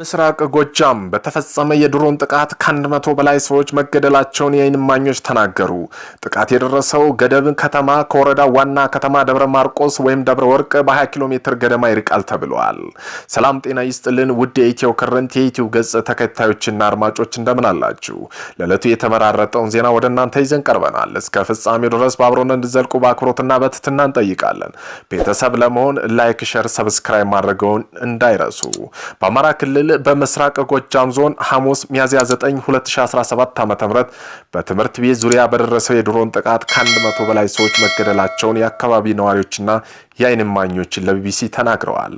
ምስራቅ ጎጃም በተፈጸመ የድሮን ጥቃት ከአንድ መቶ በላይ ሰዎች መገደላቸውን የዓይን እማኞች ተናገሩ። ጥቃት የደረሰው ገደብ ከተማ ከወረዳ ዋና ከተማ ደብረ ማርቆስ ወይም ደብረ ወርቅ በ20 ኪሎ ሜትር ገደማ ይርቃል ተብለዋል። ሰላም ጤና ይስጥልን ውድ የኢትዮ ክርንት የኢትዮ ገጽ ተከታዮችና አድማጮች እንደምን አላችሁ? ለዕለቱ የተመራረጠውን ዜና ወደ እናንተ ይዘን ቀርበናል። እስከ ፍጻሜው ድረስ በአብሮነ እንድዘልቁ በአክብሮትና በትትና እንጠይቃለን። ቤተሰብ ለመሆን ላይክ፣ ሸር፣ ሰብስክራይብ ማድረገውን እንዳይረሱ። በአማራ ክልል በምስራቅ ጎጃም ዞን ሐሙስ ሚያዝያ 9 2017 ዓ ም በትምህርት ቤት ዙሪያ በደረሰው የድሮን ጥቃት ከ100 በላይ ሰዎች መገደላቸውን የአካባቢ ነዋሪዎችና የአይን ለቢቢሲ ተናግረዋል።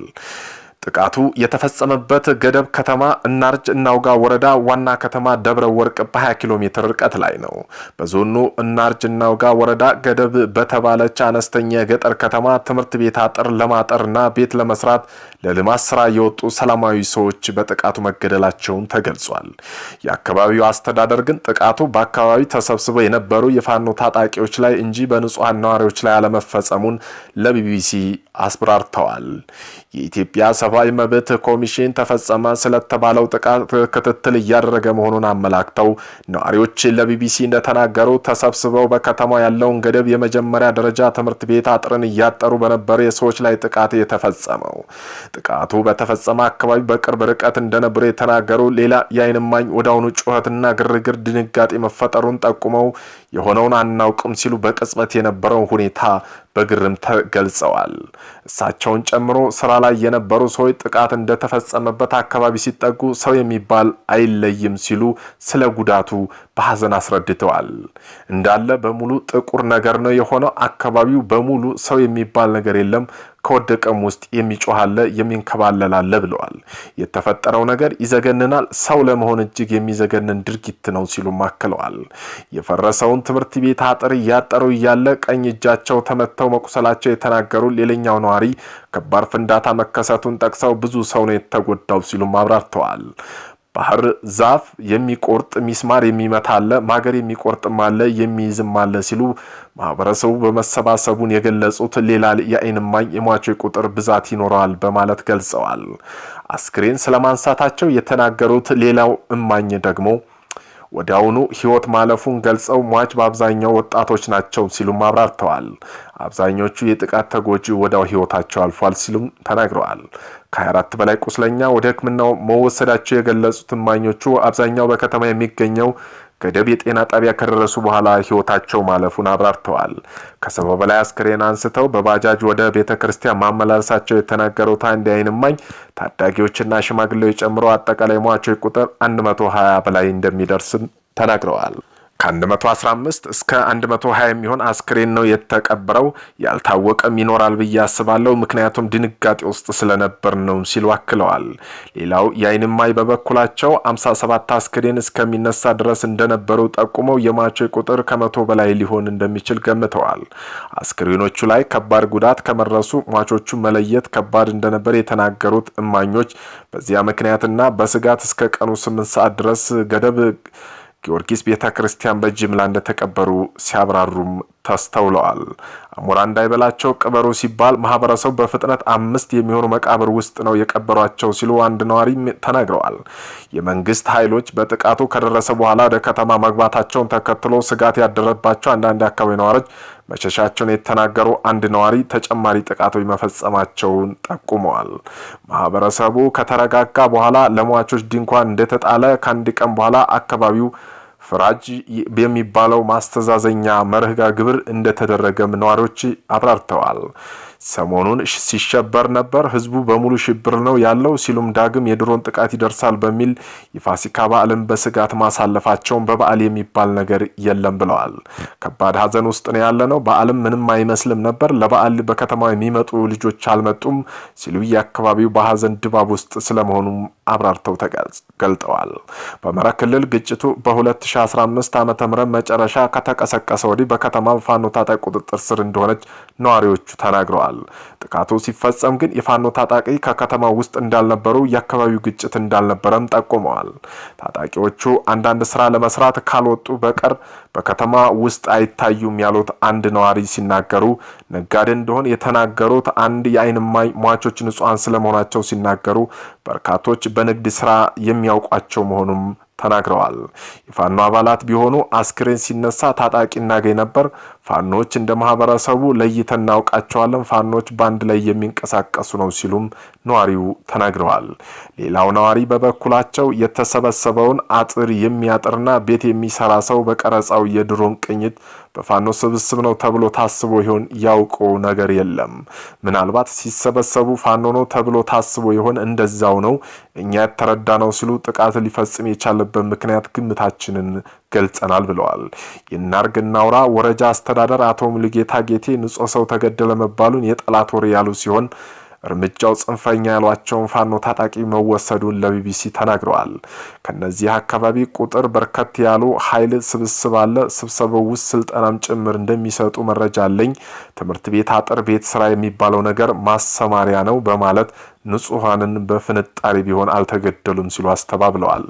ጥቃቱ የተፈጸመበት ገደብ ከተማ እናርጅ እናውጋ ወረዳ ዋና ከተማ ደብረ ወርቅ በ20 ኪሎ ሜትር ርቀት ላይ ነው። በዞኑ እናርጅ እናውጋ ወረዳ ገደብ በተባለች አነስተኛ የገጠር ከተማ ትምህርት ቤት አጥር ለማጠርና ቤት ለመስራት ለልማት ስራ የወጡ ሰላማዊ ሰዎች በጥቃቱ መገደላቸውን ተገልጿል። የአካባቢው አስተዳደር ግን ጥቃቱ በአካባቢው ተሰብስበው የነበሩ የፋኖ ታጣቂዎች ላይ እንጂ በንጹሐን ነዋሪዎች ላይ አለመፈጸሙን ለቢቢሲ አስብራርተዋል። የኢትዮጵያ አበባይ መብት ኮሚሽን ተፈጸመ ስለተባለው ጥቃት ክትትል እያደረገ መሆኑን አመላክተው ነዋሪዎች ለቢቢሲ እንደተናገሩ ተሰብስበው በከተማ ያለውን ገደብ የመጀመሪያ ደረጃ ትምህርት ቤት አጥርን እያጠሩ በነበረ የሰዎች ላይ ጥቃት የተፈጸመው። ጥቃቱ በተፈጸመ አካባቢ በቅርብ ርቀት እንደነበረ የተናገሩ ሌላ የአይንማኝ እማኝ ጩኸትና ግርግር ድንጋጤ መፈጠሩን ጠቁመው የሆነውን አናውቅም ሲሉ በቅጽበት የነበረው ሁኔታ በግርምት ገልጸዋል። እሳቸውን ጨምሮ ስራ ላይ የነበሩ ሰ ሰዎች ጥቃት እንደተፈጸመበት አካባቢ ሲጠጉ ሰው የሚባል አይለይም ሲሉ ስለ ጉዳቱ በሐዘን አስረድተዋል። እንዳለ በሙሉ ጥቁር ነገር ነው የሆነው። አካባቢው በሙሉ ሰው የሚባል ነገር የለም። ከወደቀም ውስጥ የሚጮሃለ የሚንከባለላለ ብለዋል። የተፈጠረው ነገር ይዘገንናል። ሰው ለመሆን እጅግ የሚዘገንን ድርጊት ነው ሲሉ አክለዋል። የፈረሰውን ትምህርት ቤት አጥር እያጠሩ እያለ ቀኝ እጃቸው ተመተው መቁሰላቸው የተናገሩ ሌላኛው ነዋሪ ከባድ ፍንዳታ መከሰቱን ጠቅሰው ብዙ ሰው ነው የተጎዳው ሲሉም አብራርተዋል። ባህር ዛፍ የሚቆርጥ ሚስማር የሚመታ አለ፣ ማገር የሚቆርጥም አለ የሚይዝም አለ ሲሉ ማህበረሰቡ በመሰባሰቡን የገለጹት ሌላ የአይን እማኝ የሟቾች ቁጥር ብዛት ይኖረዋል በማለት ገልጸዋል። አስክሬን ስለማንሳታቸው የተናገሩት ሌላው እማኝ ደግሞ ወዲያውኑ ሕይወት ማለፉን ገልጸው ሟች በአብዛኛው ወጣቶች ናቸው ሲሉም አብራርተዋል። አብዛኞቹ የጥቃት ተጎጂ ወዲያው ህይወታቸው አልፏል ሲሉም ተናግረዋል። ከ24 በላይ ቁስለኛ ወደ ህክምናው መወሰዳቸው የገለጹት እማኞቹ አብዛኛው በከተማ የሚገኘው ገደብ የጤና ጣቢያ ከደረሱ በኋላ ህይወታቸው ማለፉን አብራርተዋል። ከሰባ በላይ አስክሬን አንስተው በባጃጅ ወደ ቤተ ክርስቲያን ማመላለሳቸው የተናገረው አንድ የዓይን እማኝ ታዳጊዎችና ሽማግሌዎች ጨምሮ አጠቃላይ ሟቾች ቁጥር 120 በላይ እንደሚደርስ ተናግረዋል። ከ115 እስከ 120 የሚሆን አስክሬን ነው የተቀበረው። ያልታወቀም ይኖራል ብዬ አስባለሁ፣ ምክንያቱም ድንጋጤ ውስጥ ስለነበር ነው ሲሉ አክለዋል። ሌላው የአይን እማኝ በበኩላቸው 57 አስክሬን እስከሚነሳ ድረስ እንደነበረው ጠቁመው የሟቾች ቁጥር ከመቶ በላይ ሊሆን እንደሚችል ገምተዋል። አስክሬኖቹ ላይ ከባድ ጉዳት ከመድረሱ ሟቾቹ መለየት ከባድ እንደነበር የተናገሩት እማኞች በዚያ ምክንያትና በስጋት እስከ ቀኑ 8 ሰዓት ድረስ ገደብ ጊዮርጊስ ቤተ ክርስቲያን በጅምላ እንደተቀበሩ ሲያብራሩም ተስተውለዋል። አሞራ እንዳይበላቸው ቅበሩ ሲባል ማህበረሰቡ በፍጥነት አምስት የሚሆኑ መቃብር ውስጥ ነው የቀበሯቸው ሲሉ አንድ ነዋሪ ተናግረዋል። የመንግስት ኃይሎች በጥቃቱ ከደረሰ በኋላ ወደ ከተማ መግባታቸውን ተከትሎ ስጋት ያደረባቸው አንዳንድ አካባቢ ነዋሪዎች መሸሻቸውን የተናገሩ አንድ ነዋሪ ተጨማሪ ጥቃቶች መፈጸማቸውን ጠቁመዋል። ማህበረሰቡ ከተረጋጋ በኋላ ለሟቾች ድንኳን እንደተጣለ ከአንድ ቀን በኋላ አካባቢው ፍራጅ የሚባለው ማስተዛዘኛ መርህጋ ግብር እንደተደረገም ነዋሪዎች አብራርተዋል። ሰሞኑን ሲሸበር ነበር፣ ህዝቡ በሙሉ ሽብር ነው ያለው ሲሉም ዳግም የድሮን ጥቃት ይደርሳል በሚል የፋሲካ በዓልን በስጋት ማሳለፋቸውን በበዓል የሚባል ነገር የለም ብለዋል። ከባድ ሀዘን ውስጥ ነው ያለ ነው። በዓልም ምንም አይመስልም ነበር። ለበዓል በከተማው የሚመጡ ልጆች አልመጡም ሲሉ የአካባቢው በሀዘን ድባብ ውስጥ ስለመሆኑም አብራርተው ገልጠዋል። በአማራ ክልል ግጭቱ በ2015 ዓ ም መጨረሻ ከተቀሰቀሰ ወዲህ በከተማ ፋኖ ታጣቂ ቁጥጥር ስር እንደሆነች ነዋሪዎቹ ተናግረዋል። ተናግረዋል። ጥቃቱ ሲፈጸም ግን የፋኖ ታጣቂ ከከተማ ውስጥ እንዳልነበሩ፣ የአካባቢው ግጭት እንዳልነበረም ጠቁመዋል። ታጣቂዎቹ አንዳንድ ስራ ለመስራት ካልወጡ በቀር በከተማ ውስጥ አይታዩም ያሉት አንድ ነዋሪ ሲናገሩ ነጋዴ እንደሆን የተናገሩት አንድ የአይንማይ ሟቾች ንጹሐን ስለመሆናቸው ሲናገሩ በርካቶች በንግድ ስራ የሚያውቋቸው መሆኑም ተናግረዋል። የፋኖ አባላት ቢሆኑ አስክሬን ሲነሳ ታጣቂ እናገኝ ነበር። ፋኖች እንደ ማህበረሰቡ ለይተ እናውቃቸዋለን። ፋኖች በአንድ ላይ የሚንቀሳቀሱ ነው ሲሉም ነዋሪው ተናግረዋል። ሌላው ነዋሪ በበኩላቸው የተሰበሰበውን አጥር የሚያጥርና ቤት የሚሰራ ሰው በቀረጻው የድሮን ቅኝት በፋኖ ስብስብ ነው ተብሎ ታስቦ ይሆን ያውቁ ነገር የለም። ምናልባት ሲሰበሰቡ ፋኖ ነው ተብሎ ታስቦ ይሆን እንደዛው ነው እኛ የተረዳ ነው ሲሉ ጥቃት ሊፈጽም የቻለበት ምክንያት ግምታችንን ገልጸናል ብለዋል። የናርግናውራ ወረጃ አስተዳደር አቶ ሙሉጌታ ጌቴ ንጹህ ሰው ተገደለ መባሉን የጠላት ወሬ ያሉ ሲሆን እርምጃው ጽንፈኛ ያሏቸውን ፋኖ ታጣቂ መወሰዱን ለቢቢሲ ተናግረዋል። ከነዚህ አካባቢ ቁጥር በርከት ያሉ ኃይል ስብስብ አለ። ስብሰባው ውስጥ ስልጠናም ጭምር እንደሚሰጡ መረጃ አለኝ። ትምህርት ቤት፣ አጥር ቤት ስራ የሚባለው ነገር ማሰማሪያ ነው በማለት ንጹሐንን በፍንጣሪ ቢሆን አልተገደሉም ሲሉ አስተባብለዋል።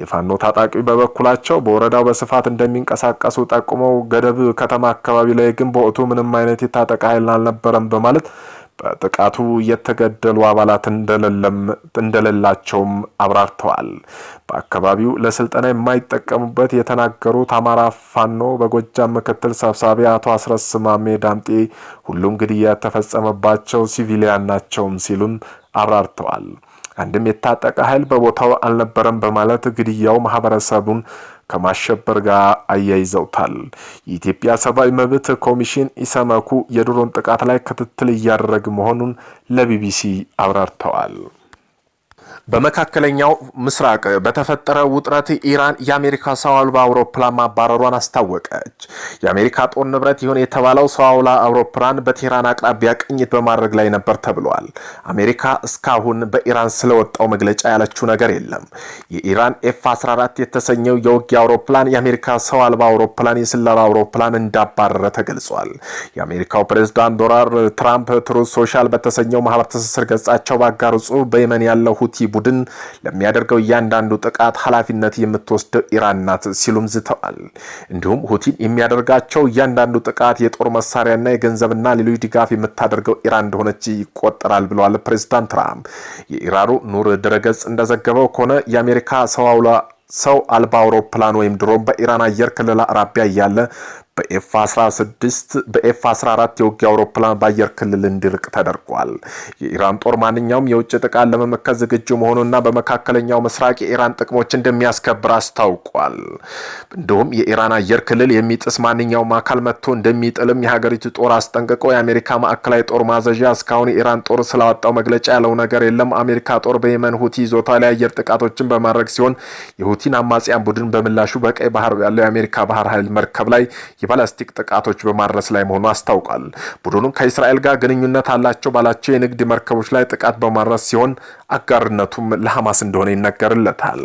የፋኖ ታጣቂ በበኩላቸው በወረዳው በስፋት እንደሚንቀሳቀሱ ጠቁመው ገደብ ከተማ አካባቢ ላይ ግን በወቅቱ ምንም አይነት የታጠቀ ኃይል አልነበረም በማለት በጥቃቱ የተገደሉ አባላት እንደሌላቸውም አብራርተዋል። በአካባቢው ለስልጠና የማይጠቀሙበት የተናገሩት አማራ ፋኖ በጎጃም ምክትል ሰብሳቢ አቶ አስረስ ማሜ ዳምጤ ሁሉም ግድያ የተፈጸመባቸው ሲቪሊያን ናቸውም ሲሉም አብራርተዋል። አንድም የታጠቀ ኃይል በቦታው አልነበረም በማለት ግድያው ማህበረሰቡን ከማሸበር ጋር አያይዘውታል። የኢትዮጵያ ሰብአዊ መብት ኮሚሽን ኢሰመኩ የድሮን ጥቃት ላይ ክትትል እያደረገ መሆኑን ለቢቢሲ አብራርተዋል። በመካከለኛው ምስራቅ በተፈጠረ ውጥረት ኢራን የአሜሪካ ሰው አልባ አውሮፕላን ማባረሯን አስታወቀች። የአሜሪካ ጦር ንብረት ይሁን የተባለው ሰው አልባ አውሮፕላን በቴህራን አቅራቢያ ቅኝት በማድረግ ላይ ነበር ተብሏል። አሜሪካ እስካሁን በኢራን ስለወጣው መግለጫ ያለችው ነገር የለም። የኢራን ኤፍ 14 የተሰኘው የውጊ አውሮፕላን የአሜሪካ ሰው አልባ አውሮፕላን የስለላ አውሮፕላን እንዳባረረ ተገልጿል። የአሜሪካው ፕሬዝዳንት ዶናልድ ትራምፕ ትሩዝ ሶሻል በተሰኘው ማህበር ትስስር ገጻቸው ባጋሩ ጽሑፍ በየመን ያለው ሁቲ የሁቲ ቡድን ለሚያደርገው እያንዳንዱ ጥቃት ኃላፊነት የምትወስደው ኢራን ናት ሲሉም ዝተዋል። እንዲሁም ሁቲን የሚያደርጋቸው እያንዳንዱ ጥቃት የጦር መሳሪያና የገንዘብና ሌሎች ድጋፍ የምታደርገው ኢራን እንደሆነች ይቆጠራል ብለዋል ፕሬዚዳንት ትራምፕ። የኢራኑ ኑር ድረገጽ እንደዘገበው ከሆነ የአሜሪካ ሰው አልባ አውሮፕላን ወይም ድሮን በኢራን አየር ክልል አቅራቢያ እያለ በኤፍ 16 በኤፍ 14 የውጊያ አውሮፕላን በአየር ክልል እንዲርቅ ተደርጓል። የኢራን ጦር ማንኛውም የውጭ ጥቃት ለመመከት ዝግጁ መሆኑና በመካከለኛው ምስራቅ የኢራን ጥቅሞች እንደሚያስከብር አስታውቋል። እንዲሁም የኢራን አየር ክልል የሚጥስ ማንኛውም አካል መጥቶ እንደሚጥልም የሀገሪቱ ጦር አስጠንቅቆ የአሜሪካ ማዕከላዊ ጦር ማዘዣ እስካሁን የኢራን ጦር ስላወጣው መግለጫ ያለው ነገር የለም። አሜሪካ ጦር በየመን ሁቲ ይዞታ ላይ አየር ጥቃቶችን በማድረግ ሲሆን የሁቲን አማጽያን ቡድን በምላሹ በቀይ ባህር ያለው የአሜሪካ ባህር ኃይል መርከብ ላይ የባላስቲክ ጥቃቶች በማድረስ ላይ መሆኑ አስታውቋል። ቡድኑ ከእስራኤል ጋር ግንኙነት አላቸው ባላቸው የንግድ መርከቦች ላይ ጥቃት በማድረስ ሲሆን አጋርነቱም ለሐማስ እንደሆነ ይነገርለታል።